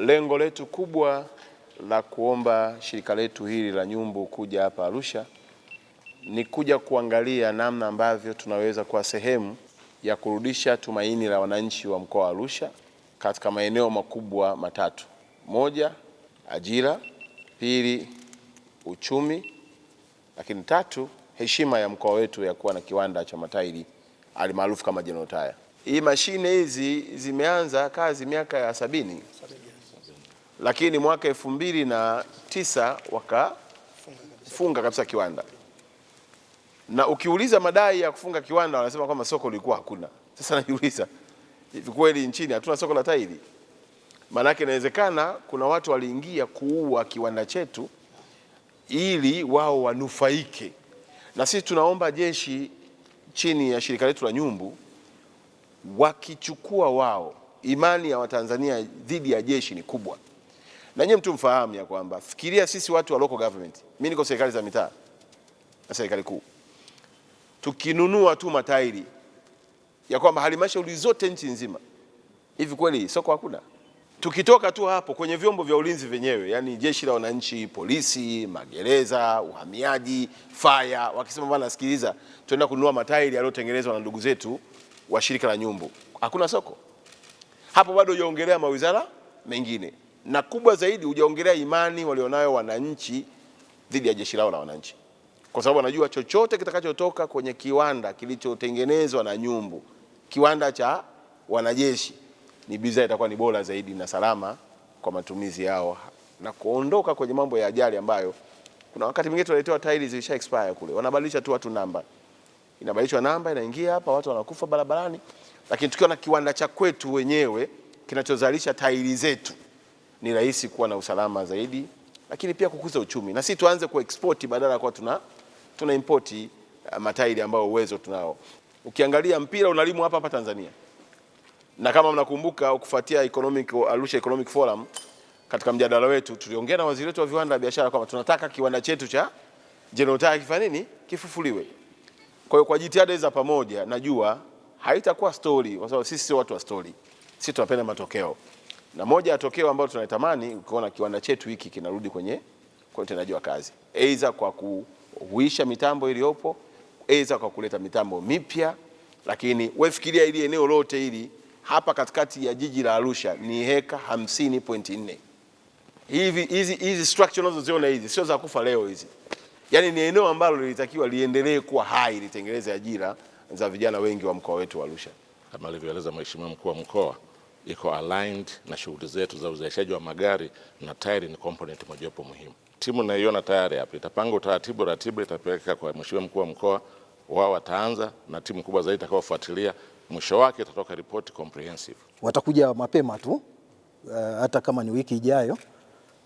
Lengo letu kubwa la kuomba shirika letu hili la Nyumbu kuja hapa Arusha ni kuja kuangalia namna ambavyo tunaweza kuwa sehemu ya kurudisha tumaini la wananchi wa mkoa wa Arusha katika maeneo makubwa matatu: moja, ajira; pili, uchumi; lakini tatu, heshima ya mkoa wetu ya kuwa na kiwanda cha matairi almaarufu kama General Tyre. Hii mashine hizi zimeanza kazi miaka ya sabini lakini mwaka elfu mbili na tisa wakafunga kabisa kiwanda, na ukiuliza madai ya kufunga kiwanda wanasema kwamba soko lilikuwa hakuna. Sasa najiuliza kweli nchini hatuna soko la tairi? Maanake inawezekana kuna watu waliingia kuua kiwanda chetu ili wao wanufaike. Na sisi tunaomba jeshi chini ya shirika letu la Nyumbu, wakichukua wao, imani ya Watanzania dhidi ya jeshi ni kubwa. Na nyie mtu mfahamu ya kwamba fikiria sisi watu wa local government, mimi niko serikali za mitaa na serikali kuu, tukinunua tu matairi ya kwamba halmashauri zote nchi nzima, hivi kweli soko hakuna? Tukitoka tu hapo kwenye vyombo vya ulinzi vyenyewe, yani jeshi la wananchi, polisi, magereza, uhamiaji, faya, wakisema bwana, sikiliza, tuenda kununua matairi yaliyotengenezwa na ndugu zetu wa shirika la Nyumbu, hakuna soko hapo. Bado yaongelea mawizara mengine na kubwa zaidi hujaongelea imani walionayo wananchi dhidi ya jeshi lao la wananchi, kwa sababu wanajua chochote kitakachotoka kwenye kiwanda kilichotengenezwa na nyumbu, kiwanda cha wanajeshi, ni bidhaa itakuwa ni bora zaidi na salama kwa matumizi yao na kuondoka kwenye mambo ya ajali ambayo kuna wakati mwingine tunaletewa tairi zilisha expire kule, wanabadilisha tu watu namba, inabadilishwa namba inaingia hapa, watu wanakufa barabarani. Lakini tukiwa na kiwanda cha kwetu wenyewe kinachozalisha tairi zetu ni rahisi kuwa na usalama zaidi, lakini pia kukuza uchumi, na si tuanze kuexport badala ya kuwa tuna, tuna import eh, matairi ambayo uwezo tunao. Ukiangalia mpira unalimwa hapa hapa Tanzania, na kama mnakumbuka ukifuatia economic Arusha Economic Forum, katika mjadala wetu tuliongea na waziri wetu wa viwanda na biashara kwamba tunataka kiwanda chetu cha General Tyre kifanye nini, kifufuliwe. Kwa hiyo kwa jitihada za pamoja, najua haitakuwa story, kwa sababu sisi sio watu wa story, sisi tunapenda matokeo na moja ya tokeo ambalo tunatamani ukiona kiwanda chetu hiki kinarudi kwenye utendaji wa kazi, aidha kwa kuhuisha mitambo iliyopo, aidha kwa kuleta mitambo mipya. Lakini wefikiria ili eneo lote hili hapa katikati ya jiji la Arusha ni heka 50.4. Hivi hizi hizi structure unazoziona hizi sio za kufa leo hizi, yaani ni eneo ambalo lilitakiwa liendelee kuwa hai, litengeneze ajira za vijana wengi wa mkoa wetu wa Arusha, kama alivyoeleza Mheshimiwa mkuu wa mkoa iko aligned na shughuli zetu za uzalishaji wa magari na tayari ni component mojawapo muhimu. Timu naiona tayari hapa, itapanga utaratibu, ratiba itapeleka kwa mheshimiwa mkuu wa mkoa, wao wataanza na timu kubwa zaidi itakayofuatilia, mwisho wake itatoka ripoti comprehensive. Watakuja mapema tu uh, hata kama ni wiki ijayo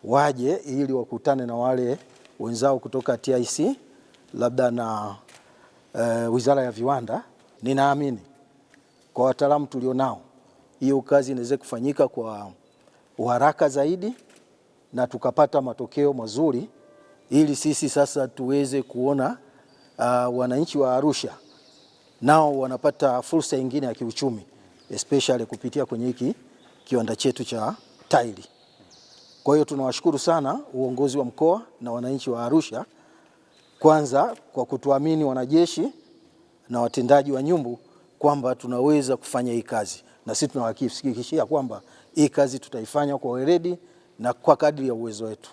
waje ili wakutane na wale wenzao kutoka TIC labda na uh, Wizara ya Viwanda. Ninaamini kwa wataalamu tulionao hiyo kazi inaweza kufanyika kwa uharaka zaidi na tukapata matokeo mazuri, ili sisi sasa tuweze kuona uh, wananchi wa Arusha nao wanapata fursa nyingine ya kiuchumi especially kupitia kwenye hiki kiwanda chetu cha taili. Kwa hiyo tunawashukuru sana uongozi wa mkoa na wananchi wa Arusha kwanza kwa kutuamini wanajeshi na watendaji wa nyumbu kwamba tunaweza kufanya hii kazi na sisi tunawahakikishia kwamba hii kazi tutaifanya kwa weledi na kwa kadri ya uwezo wetu.